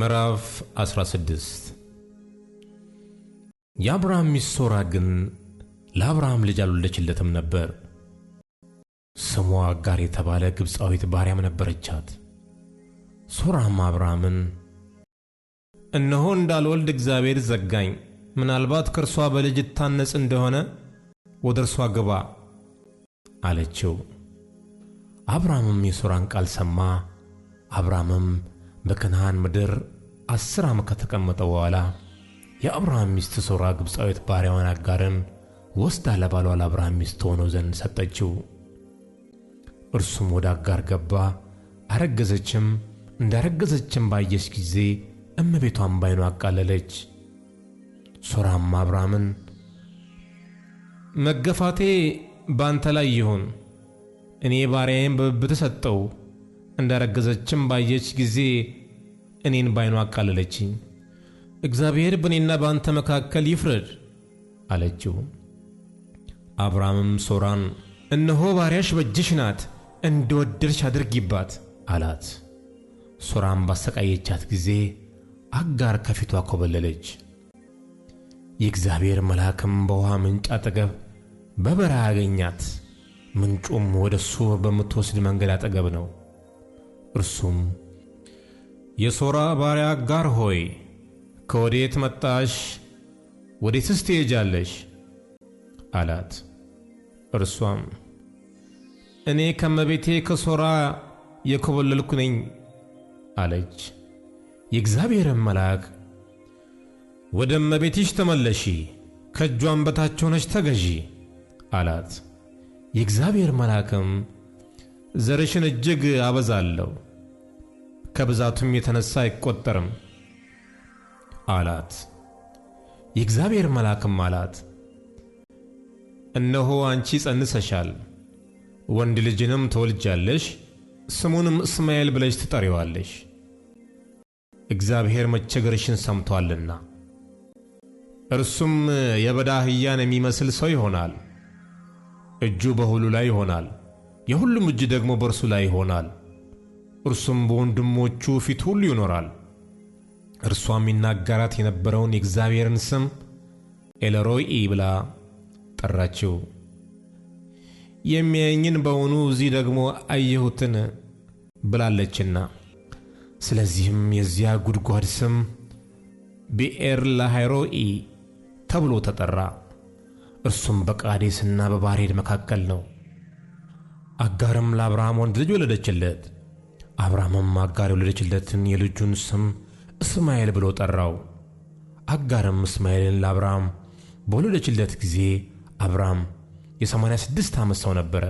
ምዕራፍ 16 የአብርሃም ሚስት ሶራ ግን ለአብርሃም ልጅ አልወለደችለትም ነበር። ስሟ አጋር የተባለ ግብፃዊት ባሪያም ነበረቻት። ሶራም አብርሃምን እነሆ እንዳልወልድ እግዚአብሔር ዘጋኝ፣ ምናልባት ከእርሷ በልጅ እታነጽ እንደሆነ ወደ እርሷ ግባ አለችው። አብርሃምም የሶራን ቃል ሰማ። አብርሃምም በከነሃን ምድር አስር ዓመት ከተቀመጠ በኋላ የአብርሃም ሚስት ሶራ ግብፃዊት ባሪያዋን አጋርን ወስዳ ለባሏ ለአብርሃም ሚስት ሆኖ ዘንድ ሰጠችው። እርሱም ወደ አጋር ገባ፣ አረገዘችም። እንዳረገዘችም ባየች ጊዜ እመቤቷን ባይኗ አቃለለች። ሶራም አብርሃምን መገፋቴ ባንተ ላይ ይሁን፣ እኔ ባሪያዬን በብብትህ ሰጠው እንዳረገዘችም ባየች ጊዜ እኔን ባይኑ አቃለለችኝ። እግዚአብሔር በእኔና በአንተ መካከል ይፍረድ አለችው። አብርሃምም ሶራን እነሆ ባሪያሽ በእጅሽ ናት፣ እንደወደድሽ አድርጊባት አላት። ሶራም ባሰቃየቻት ጊዜ አጋር ከፊቷ ኮበለለች። የእግዚአብሔር መልአክም በውሃ ምንጭ አጠገብ በበረሃ አገኛት። ምንጩም ወደ እሱ በምትወስድ መንገድ አጠገብ ነው። እርሱም የሶራ ባሪያ አጋር ሆይ ከወዴት መጣሽ? ወዴትስ ትሄጃለሽ? አላት። እርሷም እኔ ከመቤቴ ከሶራ የኮበለልኩ ነኝ አለች። የእግዚአብሔርን መልአክ ወደ እመቤትሽ ተመለሺ፣ ከእጇም በታች ሆነች ተገዢ አላት። የእግዚአብሔር መልአክም ዘርሽን እጅግ አበዛለሁ፣ ከብዛቱም የተነሳ አይቆጠርም አላት። የእግዚአብሔር መልአክም አላት፣ እነሆ አንቺ ጸንሰሻል፣ ወንድ ልጅንም ትወልጃለሽ፣ ስሙንም እስማኤል ብለሽ ትጠሪዋለሽ፣ እግዚአብሔር መቸገርሽን ሰምቷልና እርሱም የበዳ አህያን የሚመስል ሰው ይሆናል፣ እጁ በሁሉ ላይ ይሆናል የሁሉም እጅ ደግሞ በእርሱ ላይ ይሆናል። እርሱም በወንድሞቹ ፊት ሁሉ ይኖራል። እርሷም ይናገራት የነበረውን የእግዚአብሔርን ስም ኤልሮኢ ብላ ጠራችው። የሚያየኝን በውኑ እዚህ ደግሞ አየሁትን ብላለችና። ስለዚህም የዚያ ጉድጓድ ስም ብኤር ላሃይሮኢ ተብሎ ተጠራ። እርሱም በቃዴስና በባሬድ መካከል ነው። አጋርም ለአብርሃም ወንድ ልጅ ወለደችለት። አብርሃምም አጋር የወለደችለትን የልጁን ስም እስማኤል ብሎ ጠራው። አጋርም እስማኤልን ለአብርሃም በወለደችለት ጊዜ አብርሃም የ86 ዓመት ሰው ነበረ።